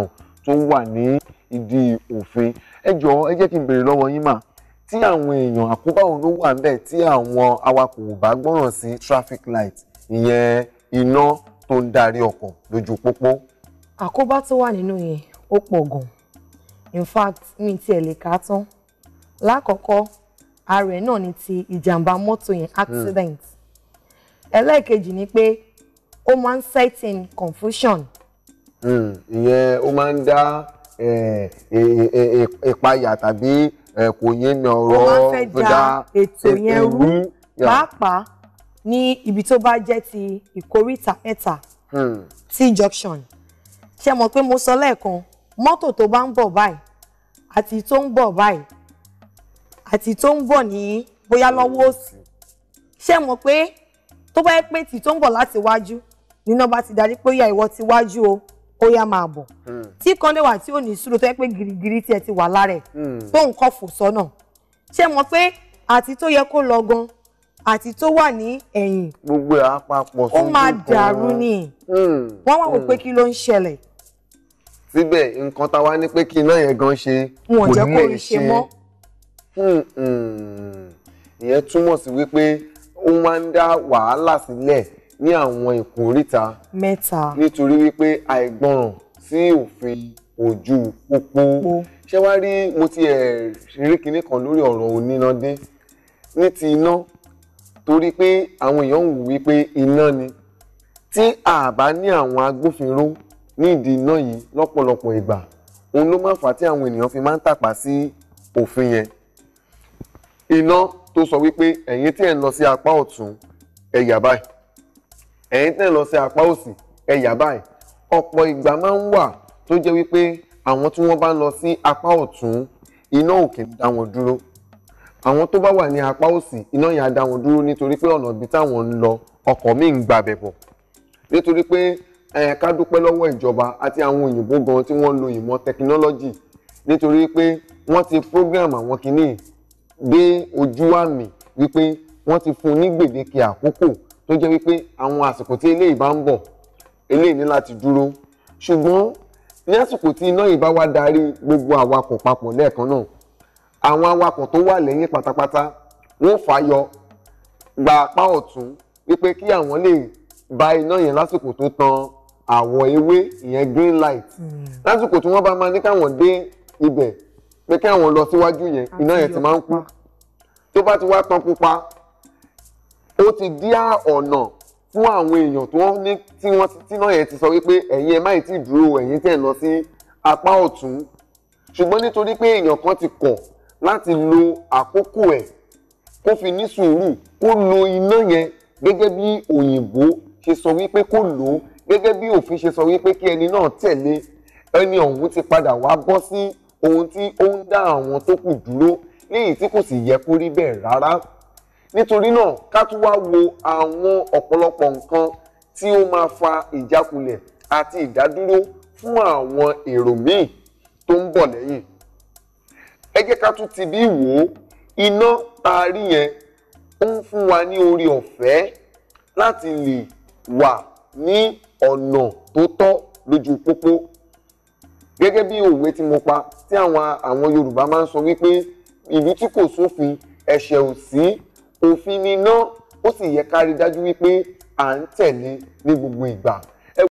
ọ̀nà tó wà ní ìdí òfin ẹ jọ̀ọ́ ẹ jẹ́ kí n béèrè lọ́wọ́ yín mà tí àwọn èèyàn àkóbá òun ló wà ń bẹ̀ tí àwọn awakọ̀ ò bá gbọ́ràn sí traffic light ìyẹn iná tó ń darí ọkọ̀ lójú pópó. àkóbá tó wà nínú yẹn ó pọ̀ gan in fact mi tiẹ̀ lè kà á tán lákọ̀ọ́kọ́ ààrẹ náà ni ti ìjàmbá mọ́tò yẹn hmm. accident ẹlẹ́ẹ̀kejì ni pé ó máa ń setting confusion. Hmm, ìyẹn máa ń dá ìpayà tàbí kò yé mi ọ̀rọ̀ dá ètò yẹn rú pàápàá ní ibi tó bá jẹ́ ti ìkóríta mẹ́ta hmm. tí junction ṣe mọ̀ pé mo sọ lẹ́ẹ̀kan mọ́tò tó bá ń bọ̀ báyìí àti tó ń bọ̀ báyìí àti tó ń bọ̀ ní bóyá lọ́wọ́ òsì ṣe mọ̀ pé tó bá yẹ pé tì tó ń bọ̀ láti wájú nínú bá ti darí pé ó yá ìwọ ti wájú o ó yá máa bọ̀. Hmm tí kan lè wà tí ò ní sùúrù tó yẹ pé gírígírí tiẹ̀ ti wà lára ẹ̀ hmm. tó nǹkan fò sọ́nà ṣé mọ̀ pé àti tó yẹ kó lọ gan àti tó wà ní ẹ̀yìn gbogbo àpapọ̀ sójú kan ó máa dàrú ni hmm. wọ́n wá wò hmm. pé kí ló ń ṣẹlẹ̀. síbẹ̀ nǹkan tá wá ní pé kí iná yẹn gan ṣe kò ní lè ṣe mọ́ ìyẹn túmọ̀ sí wípé ó máa ń dá wàhálà sílẹ̀ ní àwọn ìkóríta mẹ́ta nítorí wípé àìgbọràn sí òfin ojú pópó ṣé wàá rí mo ti ẹ̀ rí kinní kan lórí ọ̀rọ̀ onínàdé ní ti iná torí pé àwọn èèyàn ń wù wípé iná ni tí a bá ní àwọn agbófinró ní ìdí iná yìí lọ́pọ̀lọpọ̀ ìgbà òun ló máa fà á tí àwọn ènìyàn fi máa ń tàpá sí òfin yẹn iná tó sọ wípé ẹ̀yin tí ẹ̀ ń lọ sí apá ọ̀tún ẹ yà báyìí ẹ̀yin tí ẹ̀ ń lọ sí apá òsì ẹ báyìí ọ̀pọ̀ ìgbà máa ń wà tó jẹ́ wípé àwọn tí wọ́n bá lọ sí apá ọ̀tún iná òkè dá wọn dúró àwọn tó bá wà ní apá òsì iná yẹn á dá wọn dúró nítorí pé ọ̀nà ibi táwọn ń lọ ọkọ̀ míì ń gbabẹ̀ bọ̀ nítorí pé ẹ ká dúpẹ́ lọ́wọ́ ìjọba àti àwọn òyìnbó gan tí wọ́n lo ìmọ̀ tẹkinọ́lọ́jì nítorí pé wọ́n ti program àwọn kìíní dé ojú àmì wípé wọ́n ti fún ní gbèdéke àkókò tó jẹ́ wípé àwọn àsìkò tí eléyìí bá ń bọ̀ eléyìí ní láti dúró ṣùgbọ́n ní àsìkò tí iná yìí bá wá darí gbogbo awakọ̀ papọ̀ lẹ́ẹ̀kan náà àwọn awakọ̀ tó wà lẹ́yìn pátápátá wọ́n fàyọ gba apá ọ̀tún wípé kí àwọn lè bá iná yẹn lásìkò tó tan àwọ̀ ewé ìyẹn green light hmm. lásìkò tí wọ́n bá máa ní káwọn dé ibẹ̀ pé kí àwọn lọ síwájú yẹn iná yẹn ti máa ń kú tó bá ti wá tán pupa ó ti dí ọ̀nà fún àwọn èèyàn tó ní tí wọ́n tí náà yẹn ti sọ wípé ẹ̀yin ẹ má tí dúró ẹ̀yin tẹ̀ lọ sí apá ọ̀tún ṣùgbọ́n nítorí pé èèyàn kan ti kọ̀ láti lo àkókò ẹ̀ kó fi ní sùúrù kó lo iná yẹn gẹ́gẹ́ bí òyìnbó ṣe sọ wípé kó lò ó gẹ́gẹ́ bí òfin ṣe sọ wípé kí ẹni náà tẹ̀lé ẹni ọ̀hún ti padà wá bọ́ sí ohun tí ó ń dá àwọn tó kù dúró léyìí tí kò sì yẹ kó rí bẹ́ẹ̀ rárá nítorí náà ká tún wá wo àwọn ọ̀pọ̀lọpọ̀ nǹkan tí ó máa fa ìjákulẹ̀ àti ìdádúró fún àwọn èrò míì tó ń bọ̀ lẹ́yìn ẹ jẹ́ ká tún ti bí wò ó iná tá yẹn ó ń fún wa ní orí ọ̀fẹ́ láti lè wà ní ọ̀nà tó tọ́ lójú pópó gẹ́gẹ́ bí òwe tí mo pa tí àwọn Yorùbá máa ń sọ wípé ìlú tí kò sófin ẹ̀ṣẹ̀ ò sí òfin ni ná ó sì yẹ ká rí dájú wípé à ń tẹ̀lé ní gbogbo ìgbà